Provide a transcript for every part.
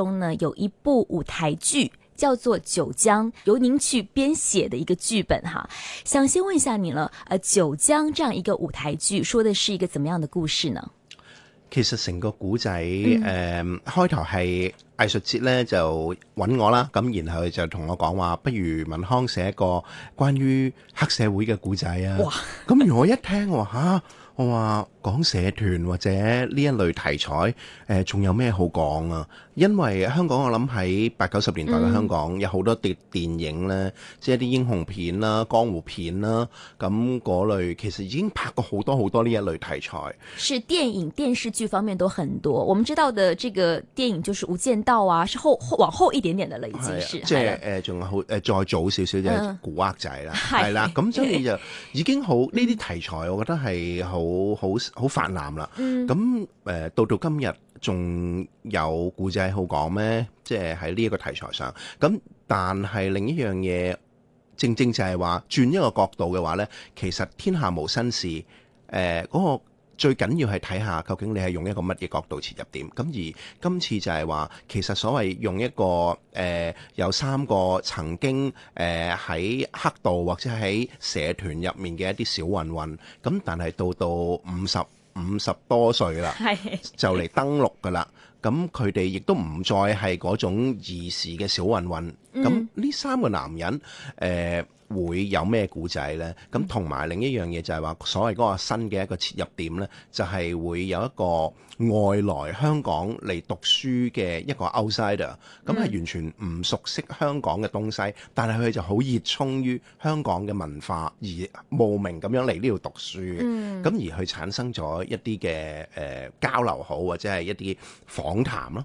中呢有一部舞台劇叫做《九江》，由您去編寫的一個劇本哈、啊，想先問一下你啦，誒、呃，《九江》這樣一個舞台劇說的是一個怎麼樣的故事呢？其實成個古仔誒，開頭係藝術節呢，就揾我啦，咁然後就同我講話，不如文康寫一個關於黑社會嘅古仔啊，哇，咁我一聽我吓，我話。啊我講社團或者呢一類題材，誒、呃，仲有咩好講啊？因為香港我諗喺八九十年代嘅香港，嗯、有好多啲電影咧，即係一啲英雄片啦、江湖片啦，咁嗰類其實已經拍過好多好多呢一類題材。是電影電視劇方面都很多，我們知道的這個電影就是《無間道》啊，是後往後一點點的已經是，是、啊是啊、即係誒仲好誒、呃、再早少少就係古惑仔啦，係、嗯、啦，咁、啊 啊、所以就已經好呢啲題材，我覺得係好好。好泛濫啦，咁誒到到今日仲有故仔好講咩？即係喺呢一個題材上，咁但係另一樣嘢，正正就係話轉一個角度嘅話咧，其實天下無新事，誒、呃、嗰、嗰個最緊要係睇下究竟你係用一個乜嘢角度切入點，咁而今次就係話，其實所謂用一個誒、呃、有三個曾經誒喺、呃、黑道或者喺社團入面嘅一啲小混混，咁但係到到五十五十多歲啦，就嚟登錄㗎啦，咁佢哋亦都唔再係嗰種兒時嘅小混混。咁、嗯、呢三個男人誒、呃、會有咩故仔咧？咁同埋另一樣嘢就係話，所謂嗰個新嘅一個切入點咧，就係、是、會有一個外來香港嚟讀書嘅一個 outsider，咁係完全唔熟悉香港嘅東西，但係佢就好熱衷於香港嘅文化，而慕名咁樣嚟呢度讀書，咁、嗯、而佢產生咗一啲嘅誒交流好，或者係一啲訪談咯。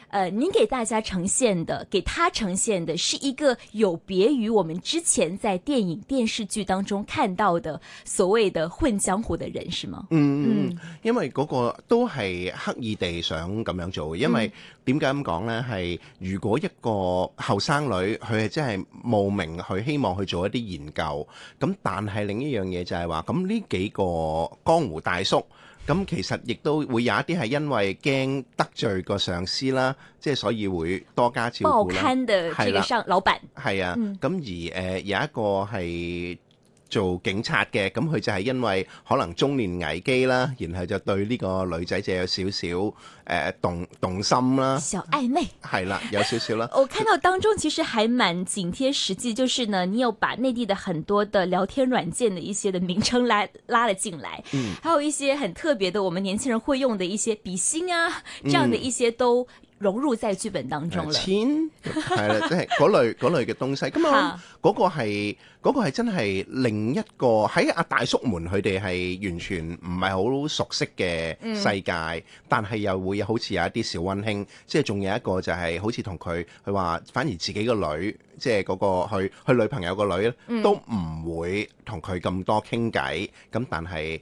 誒、呃，您給大家呈現的，給他呈現的是一個有別於我們之前在電影、電視劇當中看到的所謂的混江湖的人，是嗎？嗯嗯，因為嗰個都係刻意地想咁樣做，因為點解咁講呢？係如果一個後生女，佢係真係慕名，去希望去做一啲研究，咁但係另一樣嘢就係話，咁呢幾個江湖大叔。咁其實亦都會有一啲係因為驚得罪個上司啦，即係所以會多加照顧啦。報刊嘅呢個上，老闆係啊，咁，啊，嗯，而誒，呃，有一個係做警察嘅，咁佢就係因為可能中年危機啦，然後就對呢個女仔就有少少誒、呃、動動心啦，小曖昧，係啦，有少少啦。 我看到當中其實還蠻緊貼實際，就是呢，你有把內地的很多的聊天軟件的一些的名稱拉拉了進來，嗯，還有一些很特別的，我們年輕人會用的一些比心啊，這樣的一些都。融入在劇本當中啦，錢係啦，即係嗰類嗰類嘅東西。咁啊，嗰 個係嗰、嗰個係真係另一個喺阿大叔們佢哋係完全唔係好熟悉嘅世界，嗯、但係又會好似有一啲小溫馨，即係仲有一個就係、係、好似同佢佢話，反而自己個女，即係嗰個佢女朋友個女都唔會同佢咁多傾偈。咁、嗯、但係。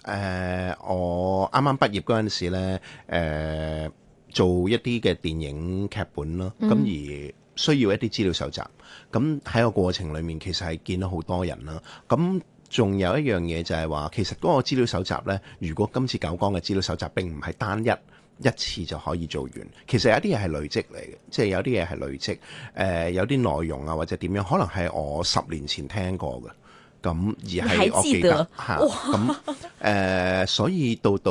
誒、呃，我啱啱畢業嗰陣時咧，誒、呃、做一啲嘅電影劇本啦咁、嗯、而需要一啲資料搜集。咁喺個過程裏面，其實係見到好多人啦。咁仲有一樣嘢就係話，其實嗰個資料搜集咧，如果今次九江嘅資料搜集並唔係單一一次就可以做完，其實有啲嘢係累積嚟嘅，即、就、係、是、有啲嘢係累積。誒、呃，有啲內容啊，或者點樣，可能係我十年前聽過嘅。咁而係我記得嚇，咁、啊、誒、呃、所以到到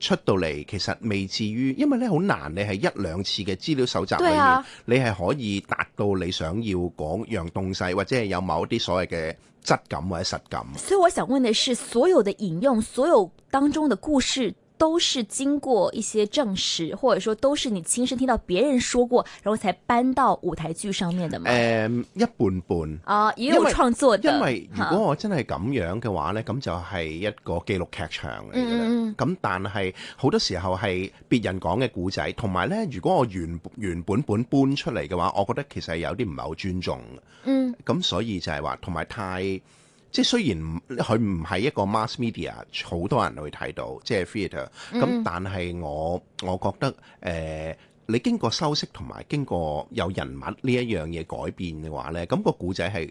出到嚟，其實未至於，因為咧好難你係一兩次嘅資料搜集裏面，啊、你係可以達到你想要講樣東西，或者係有某一啲所謂嘅質感或者實感。所以我想問嘅是，所有的引用，所有當中的故事。都是經過一些證實，或者說都是你親身聽到別人說過，然後才搬到舞台劇上面的嗎？嗯、一半半啊，也有創作的因。因為如果我真係咁樣嘅話呢咁，啊、就係一個記錄劇場嚟嘅啦。咁，嗯、但係好多時候係別人講嘅故仔，同埋呢，如果我原原本本搬出嚟嘅話，我覺得其實有啲唔係好尊重嘅。嗯，咁所以就係話同埋太。即係雖然唔佢唔係一個 mass media，好多人去睇到，即係 theater、嗯。咁但係我我覺得，誒、呃、你經過修飾同埋經過有人物呢一樣嘢改變嘅話咧，咁個故仔係，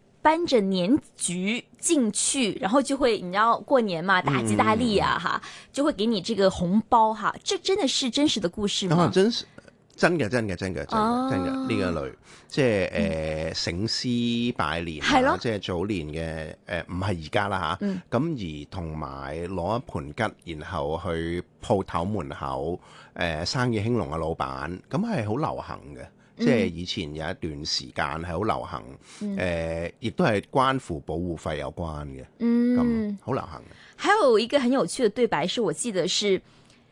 搬着年桔，進去，然後就會，你知道過年嘛，大吉大利啊，哈、嗯啊，就會給你這個紅包哈、啊，這真的是真實的故事嗎？真真嘅真嘅真嘅、啊、真嘅真嘅呢個類，即係誒醒獅拜年，係、嗯、咯、啊，即係早年嘅誒，唔、呃、係、啊嗯、而家啦吓，咁而同埋攞一盆桔，然後去鋪頭門口，誒、呃、生意興隆嘅老闆，咁係好流行嘅。即係以前有一段時間係好流行，誒、嗯，亦、呃、都係關乎保護費有關嘅，咁、嗯、好流行。還有一個很有趣的對白，是我記得是。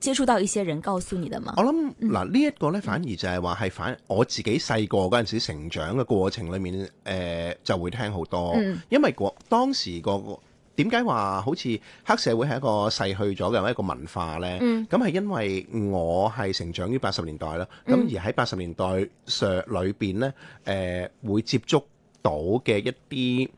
接觸到一些人告訴你的嗎？我諗嗱，呢一、個呢，反而就係話係反、嗯、我自己細個嗰陣時，時成長嘅過程裏面，誒、呃、就會聽好多、嗯，因為個當時、個點解話好似黑社會係一個逝去咗嘅一個文化呢？咁、嗯、係因為我係成長於八十年代啦，咁而喺八十年代上裏邊咧，誒、嗯呃、會接觸到嘅一啲。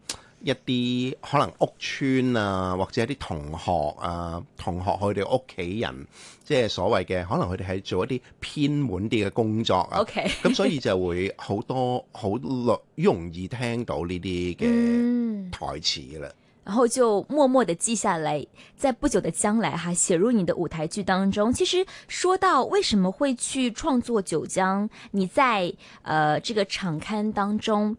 一啲可能屋邨啊，或者一啲同學啊，同學佢哋屋企人，即係所謂嘅可能佢哋係做一啲偏門啲嘅工作啊。OK，咁 所以就會好多好容容易聽到呢啲嘅台詞啦、嗯。然後就默默地記下來，在不久的將來哈，寫入你的舞台劇當中。其實說到為什麼會去創作《九江》，你在呃這個場刊當中。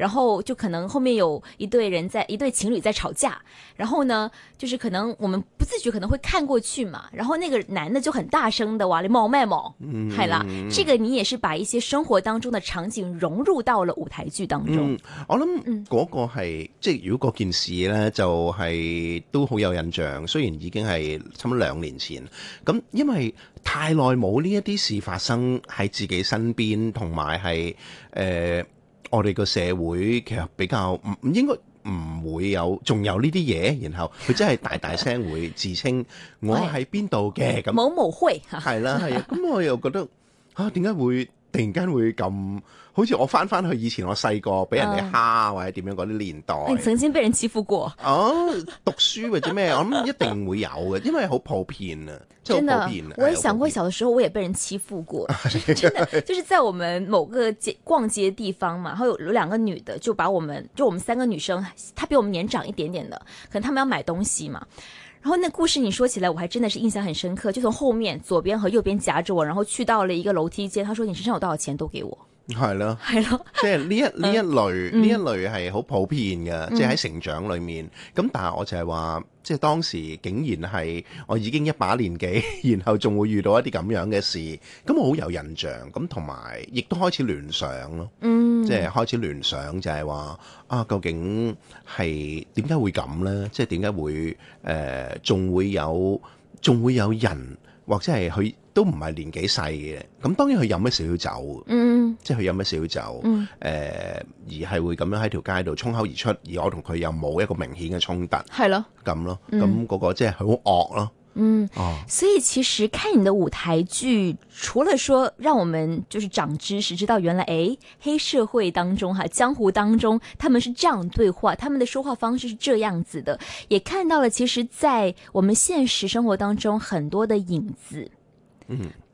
然後就可能後面有一對人在一對情侶在吵架，然後呢，就是可能我們不自覺可能會看過去嘛，然後那個男的就很大聲的哇你冇咩冇，係、嗯、啦，這個你也是把一些生活當中的場景融入到了舞台劇當中。嗯、我諗嗰個係、嗯、即係如果嗰件事呢，就係、是、都好有印象，雖然已經係差唔多兩年前，咁因為太耐冇呢一啲事發生喺自己身邊，同埋係誒。呃我哋個社會其實比較唔唔應該唔會有仲有呢啲嘢，然後佢真係大大聲會自稱 我喺邊度嘅咁。冇 某某會係啦，係 啊，咁、啊嗯、我又覺得吓點解會突然間會咁？好似我翻翻去以前我細個俾人哋蝦、uh, 或者點樣嗰啲年代。你曾經被人欺負過？哦、uh,，讀書或者咩，我諗一定會有嘅，因為好普遍啊，真的，嗯、我也想過小的時候我也被人欺負過， 真的，就是在我們某個街逛街地方嘛，然後有有兩個女的就把我們就我們三個女生，她比我們年長一點點的，可能她們要買東西嘛。然後那故事你說起來我還真的是印象很深刻，就從後面左邊和右邊夾着我，然後去到了一個樓梯間，她說你身上有多少錢都給我。係咯，係咯，即係呢一呢、 嗯、一類呢一類係好普遍嘅，即係喺成長裏面。咁、嗯、但係我就係話，即、就、係、是、當時竟然係我已經一把年紀， 然後仲會遇到一啲咁樣嘅事，咁我好有印象。咁同埋亦都開始聯想咯，即、就、係、是、開始聯想就係話啊，究竟係點解會咁咧？即係點解會誒仲、呃、會有仲會有人或者係佢都唔係年紀細嘅？咁當然佢飲咗少少酒。嗯即係佢飲咗少酒，誒、嗯，而係會咁樣喺條街度衝口而出，而我同佢又冇一個明顯嘅衝突，係咯，咁咯，咁嗰個即係好惡咯。嗯，哦、嗯，所以其實看你的舞台劇，除了說讓我們就是長知識，知道原來誒、哎、黑社會當中哈江湖當中，他們是這樣對話，他們的說話方式是這樣子的，也看到了其實，在我們現實生活當中很多的影子。嗯。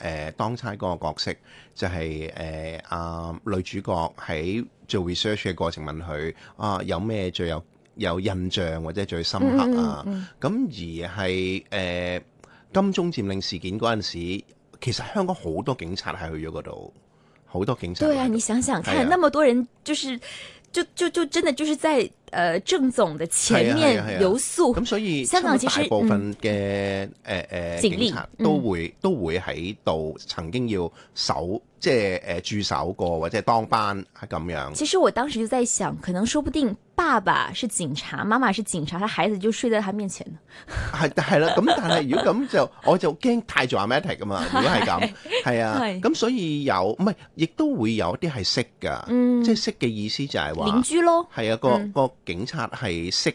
誒、呃、當差嗰個角色就係誒，阿女主角喺做 research 嘅過程問佢，啊有咩最有有印象或者最深刻啊？咁、嗯嗯嗯、而係誒、呃、金鐘佔領事件嗰陣時，其實香港好多警察係去咗嗰度，好多警察。對啊，你想想看，啊、那麼多人就是就就就真的就是在。誒、呃，正總的前面留宿，咁、啊啊啊、所以香港其實多大部分嘅誒誒警察都會、嗯、都會喺度，曾經要守即係誒駐守過或者當班係咁樣。其實我當時就在想，可能說不定爸爸是警察，媽媽是警察，他孩子就睡在他面前。係係啦，咁、啊、但係如果咁就我就驚太住阿 m a t 噶嘛。如果係咁，係 啊，咁、啊、所以有唔係，亦都會有啲係識噶、嗯，即係識嘅意思就係話。鄰居咯，係啊，個個。嗯警察係識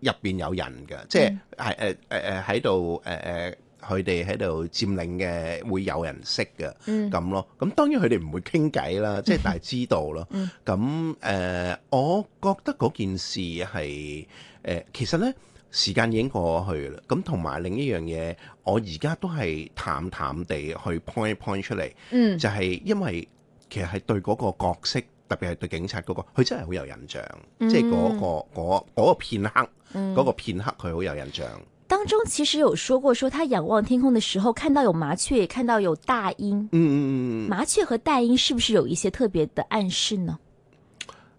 入邊有人嘅，即係係誒誒誒喺度誒誒，佢哋喺度佔領嘅會有人識嘅，咁、嗯、咯。咁當然佢哋唔會傾偈啦，即係但係知道咯。咁、嗯、誒、嗯嗯呃，我覺得嗰件事係誒、呃，其實咧時間已經過去啦。咁同埋另一樣嘢，我而家都係淡淡地去 point point 出嚟，嗯，就係、是、因為其實係對嗰個角色。特別係對警察嗰、那個，佢真係好有印象、嗯，即係嗰、那個嗰嗰、那個那個片刻，嗰、嗯那個片刻佢好有印象。當中其實有說過，說他仰望天空嘅時候，看到有麻雀，亦看到有大鷹、嗯。麻雀和大鷹是不是有一些特別的暗示呢？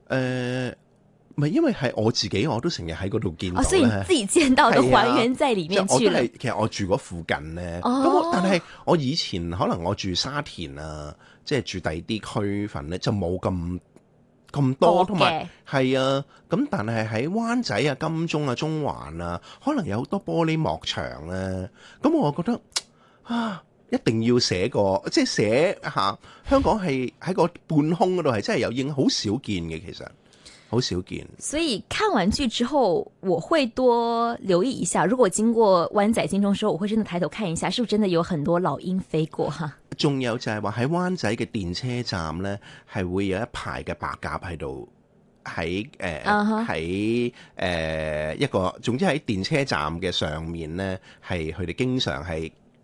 誒、呃，唔係因為係我自己，我都成日喺嗰度見到、哦、所以。你自己見到都還原在裡面、啊、其實我住嗰附近呢、哦，但係我，我以前可能我住沙田啊。即係住第二啲區份咧，就冇咁咁多，同埋係啊。咁但係喺灣仔啊、金鐘啊、中環啊，可能有好多玻璃幕牆咧、啊。咁我覺得啊，一定要寫個即係寫下、啊、香港係喺個半空嗰度係真係有影，好少見嘅其實。好少見。所以看完劇之後，我會多留意一下。如果經過灣仔金鐘時候我會真的抬頭看一下，是不是真的有很多老鷹飛過吓？仲有就係話，喺灣仔嘅電車站呢，係會有一排嘅白鴿喺度，喺誒，喺誒一個總之喺電車站嘅上面呢，係佢哋經常係。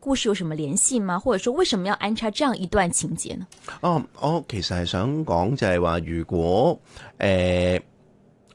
故事有什麼聯繫嗎？或者說為什麼要安插這樣一段情節呢？哦、oh,，我其實係想講就係話，如果誒、呃，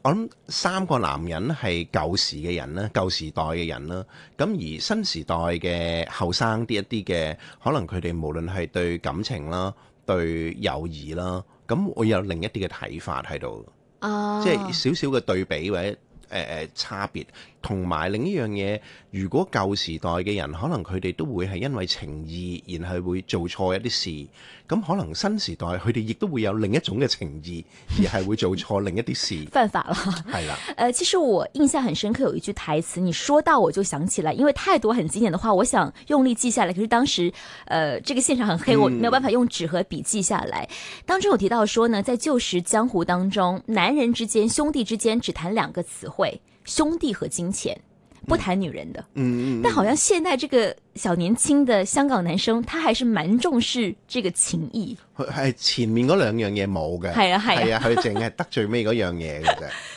我諗三個男人係舊時嘅人啦，舊時代嘅人啦，咁而新時代嘅後生啲一啲嘅，可能佢哋無論係對感情啦，對友誼啦，咁會有另一啲嘅睇法喺度，啊、oh.，即係少少嘅對比或者誒誒、呃、差別。同埋另一樣嘢，如果舊時代嘅人可能佢哋都會係因為情義，然後會做錯一啲事，咁可能新時代佢哋亦都會有另一種嘅情義，而係會做錯另一啲事。 犯法啦，係啦。誒，其實我印象很深刻有一句台詞，你說到我就想起來，因為太多很經典的話，我想用力記下來，可是當時，誒、呃，這個現場很黑，我沒有辦法用紙和筆記下來。嗯、當中有提到說呢，在舊時江湖當中，男人之間、兄弟之間只談兩個詞彙。兄弟和金錢，不談女人的。嗯，嗯，嗯，但好像現在這個小年輕的香港男生，他還是蠻重視這個情誼。係前面嗰兩樣嘢冇嘅，係啊係。係啊，佢淨係得最尾嗰樣嘢嘅啫。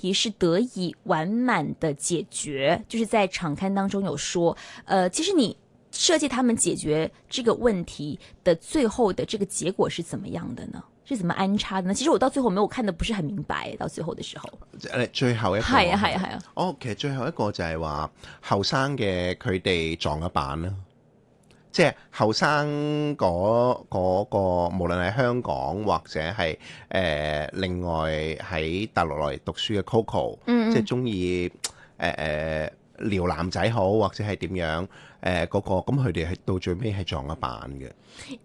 題是得以完滿的解決，就是在場刊當中有說，呃，其實你設計他們解決這個問題的最後的這個結果是怎麼樣的呢？是怎麼安插的呢？其實我到最後沒有看得不是很明白，到最後的時候，最後一個，是啊是啊是啊，哦，其實最後一個就係話後生嘅佢哋撞咗板啦。即係後生嗰嗰個，無論係香港或者係誒、呃、另外喺大陸內讀書嘅 Coco，嗯嗯即係鍾意誒誒撩男仔好，或者係點樣誒嗰、呃那個，咁佢哋係到最尾係撞一板嘅。誒、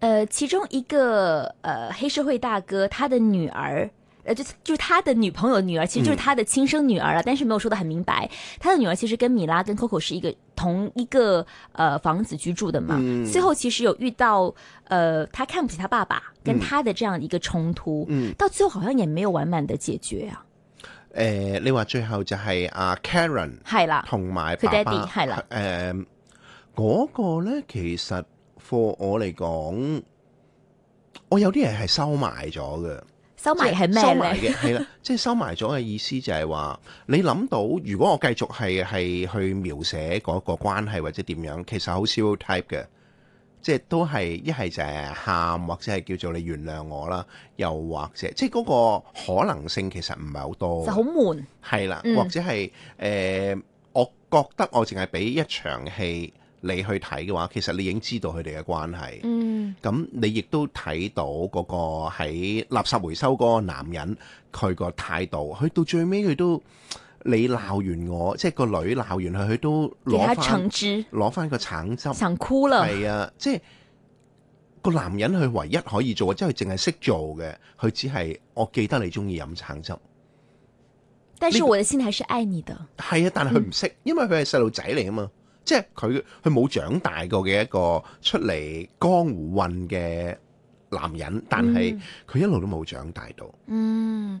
呃，其中一個誒、呃、黑社會大哥，他的女兒。就是他的女朋友的女兒，其實就是他的親生女兒、嗯、但是沒有說得很明白。他的女兒其實跟米拉跟 Coco 是一個同一個、呃、房子居住的嘛。最、嗯、後其實有遇到、呃，他看不起他爸爸跟他的這樣一個衝突、嗯，到最後好像也沒有完滿的解決啊。誒、呃，你話最後就係阿、啊、Karen 係啦，同埋佢爹哋係啦。誒、呃，嗰、那個咧其實，for 我嚟講，我有啲嘢係收埋咗嘅。收埋係咩嚟嘅？係啦，即係收埋咗嘅意思就係話你諗到，如果我繼續係係去描寫嗰個關係或者點樣，其實好少 type 嘅，即係都係一係就係喊或者係叫做你原諒我啦，又或者即係嗰個可能性其實唔係好多，就好悶係啦，或者係誒，我覺得我淨係俾一場戲。你去睇嘅話，其實你已經知道佢哋嘅關係。嗯，咁你亦都睇到嗰個喺垃圾回收嗰個男人佢個態度。佢到最尾，佢都你鬧完我，即係個女鬧完佢，佢都攞橙汁，攞翻個橙汁。想哭啦！係啊，即係個男人佢唯一可以做，即係佢淨係識做嘅。佢只係我記得你中意飲橙汁。但是我嘅心還是愛你的。係啊，但係佢唔識，因為佢係細路仔嚟啊嘛。即係佢佢冇長大過嘅一個出嚟江湖混嘅男人，但係佢一路都冇長大到。嗯嗯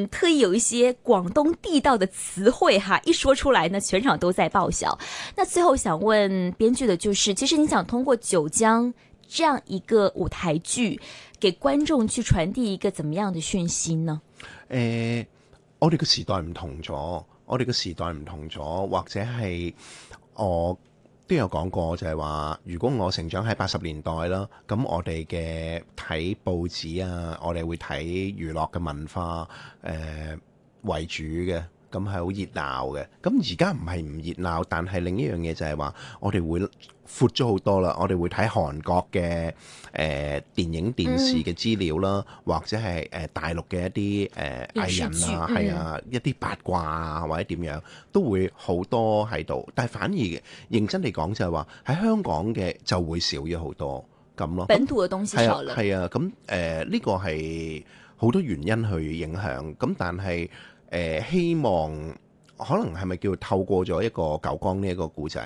特意有一些廣東地道的詞彙哈，一說出來呢，全場都在爆笑。那最後想問編劇的就是，其實你想通過《九江》這樣一個舞台劇，給觀眾去傳遞一個怎麼樣的訊息呢？誒、呃，我哋嘅時代唔同咗，我哋嘅時代唔同咗，或者係我。都有講過，就係話，如果我成長喺八十年代啦，咁我哋嘅睇報紙啊，我哋會睇娛樂嘅文化誒，呃，為主嘅。咁係好熱鬧嘅，咁而家唔係唔熱鬧，但係另一樣嘢就係話，我哋會闊咗好多啦。我哋會睇韓國嘅誒電影電視嘅資料啦，或者係誒大陸嘅一啲誒藝人啊，係啊，一啲八卦啊，或者點樣都會好多喺度。但係反而認真地講，就係話喺香港嘅就會少咗好多咁咯。本土嘅東西少啦。係啊，咁誒呢個係好多原因去影響咁，但係。呃、希望可能係咪叫透過咗一個九江呢一個故仔，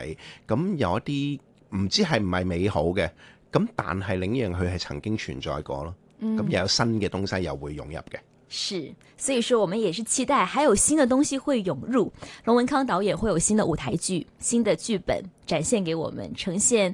咁有一啲唔知係唔係美好嘅，咁但係另一樣佢係曾經存在過咯，咁又有新嘅東西又會融入嘅、嗯。是，所以說我們也是期待，還有新嘅東西會湧入。龍文康導演會有新的舞台劇、新的劇本，展現給我們，呈現。